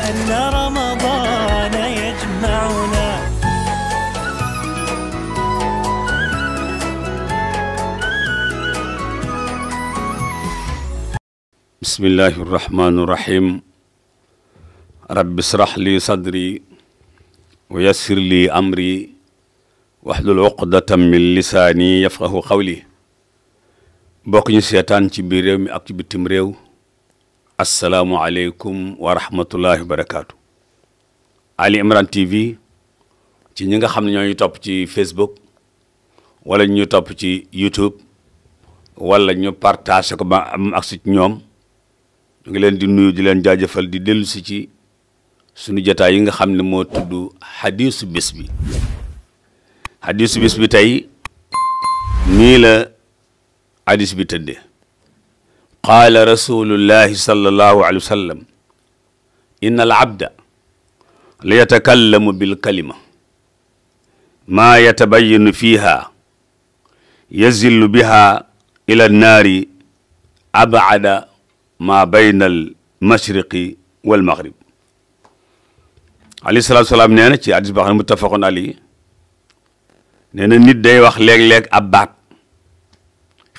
لأن رمضان يجمعنا بسم الله الرحمن الرحيم رب اشرح لي صدري ويسر لي أمري waxlul uqdatam min lisaani yafqahu qawli bokk ñu seetaan ci biir réew mi ak ci bitim réew asalaamualeykum wa rahmatullahi wa barakaatu. Ali Imran TV ci ñi nga xam ne ñooñu topp ci Facebook wala ñu topp ci YouTube wala ñu partage ko ba am ñoom ñu ngi leen di nuyu di leen jaajëfal di dellu si ci sunu jotaay yi nga xam ne moo tudd hadisu bis bi hadisu bis bi tey nii la hadis bi tëddee. qaala rasulullahi sallallahu alayhi wa sallam inna al abda la yatakallamu bil kalima maa yatabayanu fiiha yazillu biha ila nnaari abada maa bayna al mashriqi wal maghrib alayhi salaatu salaam nee na ci hadis boo xam ne muttafaqun alayhi nee na nit day wax léeg-léeg ab baat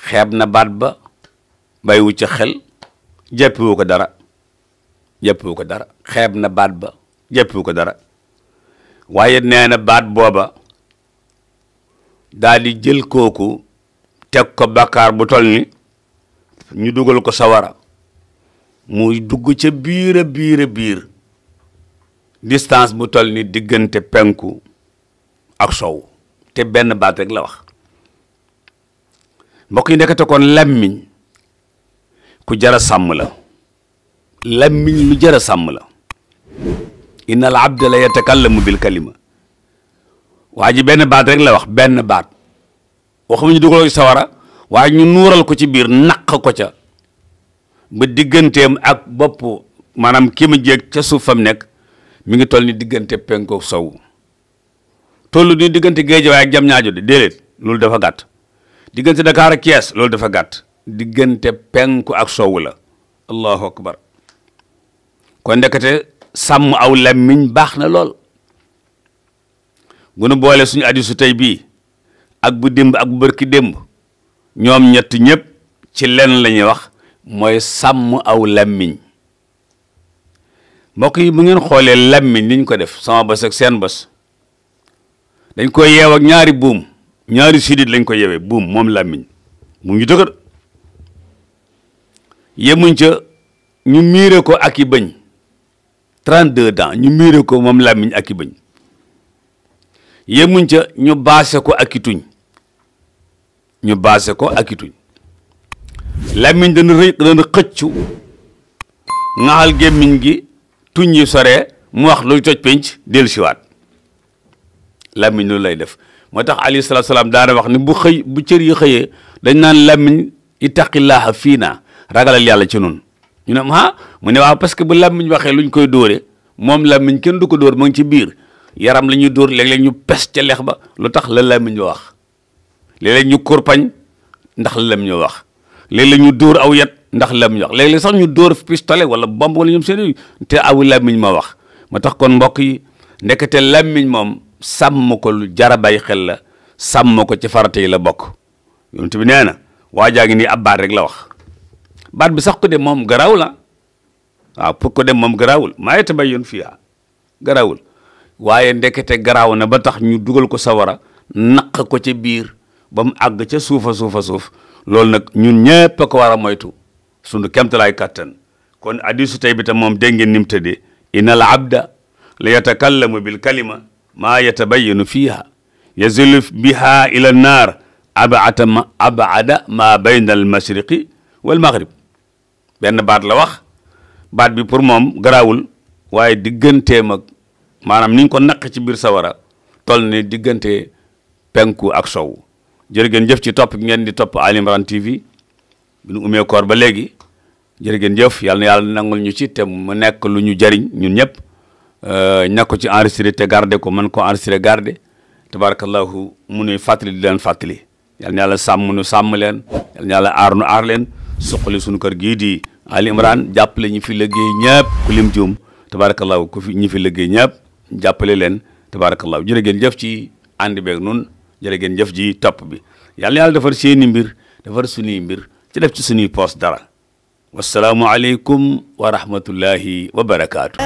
xeeb na baat ba bàyyiwu ca xel jàppiwu ko dara jàppiwu ko dara xeeb na baat ba jàppiwu ko dara waaye nee na baat booba daal di jël kooku teg ko bakkaar bu tol ni ñu dugal ko sawara muy dugg ca biir a biir a biir distance bu tol ni diggante penku ak sow te benn baat rek la wax mbokk yi ndekete kon làmmiñ ku jara sàmm la làmmiñ lu jara sàmm la inna al abda la yatakallamu bil kalima waa ji benn baat rek la wax benn baat waxuñu dugal ko sawara waaye ñu nuural ko ci biir naq ko ca ba digganteem ak bopp maanaam kii ma jéeg ca suuf fam nekk mu ngi toll ni diggante penko sow toll ni diggante géejawaay ak jam ñaajo de déedéet loolu dafa gàtt diggante Dakar ak Thiès loolu dafa gàtt diggante penku ak sowu la allahu akbar kon ndekete sàmm aw làmmiñ baax na lool bu nu boole suñu hadiisu tey bii ak bu démb ak bu bërki démb ñoom ñett ñëpp ci lenn lañuy wax mooy sàmm aw làmmiñ mbokk yi mu ngeen xoolee làmmiñ niñ ko def sama bés ak seen bés dañ koy yeew ak ñaari buum ñaari sidit lañ ko yeewee buum moom làmmiñ mu ngi dëgër yemuñ ca ñu miire ko ak i bëñ 32 dents ñu miire ko moom làmmiñ ak i bëñ yemuñ ca ñu baase ko ak i tuñ ñu baase ko ak i tuñ làmmiñ dana rëy dana xëccu ŋaxal gémmiñ gi tuñ yi sore mu wax luy toj penc dellu siwaat làmmiñ loolu lay def moo tax alayhi salaatu salaam daana wax ni bu xëy bu cër yi xëyee dañ naan làmmiñ ittaqillaaha fii naa ragalal yàlla ci nun ñu ne ah mu ne waaw parce que bu làmmiñ waxee lu ñu koy dóore moom làmmiñ kenn du ko dóor mu ngi ci biir yaram la ñuy dóor léeg-léeg ñu pes ca lex ba lu tax la làmmiñ wax léeg ñu kurpañ ndax la làmmiñ wax léeg-léeg ñu dóor aw yat ndax làmmiñ wax léeg-léeg sax ñu dóor pistolet wala bomb wala ñoom seen te aw làmmiñ ma wax ma tax kon mbokk yi ndekete làmmiñ moom sàmm ko lu jara bàyyi xel la sàmm ko ci farata yi la bokk yonent bi nee na waajaa ngi nii ab baat rek la wax baat bi sax ku moom garaaw la ah. waaw pour dem moom garaawul maa yatabayyanu fiihaa garaawul waaye ndekete garaaw na ba tax ñu dugal ko sawara naq ko ca biir ba mu àgg ca suufa suufa suuf loolu nag ñun ñëpp a ko war a moytu sunu kemtalaay kàttan kon hadiisu tey bi tam moom dégg ngeen ni mu tëddee innal abda la yatakallamu bil kalima maa yatabayyanu fiihaa yazillu bihaa ila naar abada ma abada ma bayna al benn baat la wax baat bi pour moom garaawul waaye digganteem ak maanaam ni ko naq ci biir sawara tol ni diggante penku ak sow jërë ngeen jëf ci topp ngeen di topp Ali Imran TV bi nu umee koor ba léegi jërë ngeen jëf yàlla na yàlla nangul ñu ci te mu nekk lu ñu jariñ ñun ñëpp euh, ña ko ci enregistré te garde ko mën ko enregistré garde tabarakallahu mu nuy fàttali di leen fàttali yàlla na yàlla sàmm nu sàmm leen yàlla na yàlla aar nu aar leen suqali suñu kër gii di Ali Imran jàppale ñi fi liggéey ñëpp ku lim juum tabaarakallaahu ku fi ñi fi liggéey ñëpp jàppale leen tabaarakallaahu jërë geen jëf ci ànd beeg nun jërë ngeen jëf ji topp bi yàlla yàlla defar seeni mbir defar suñuy mbir ci def ci suñuy poos dara wasalaamu aleykum wa rahmatullahi wa barakaatu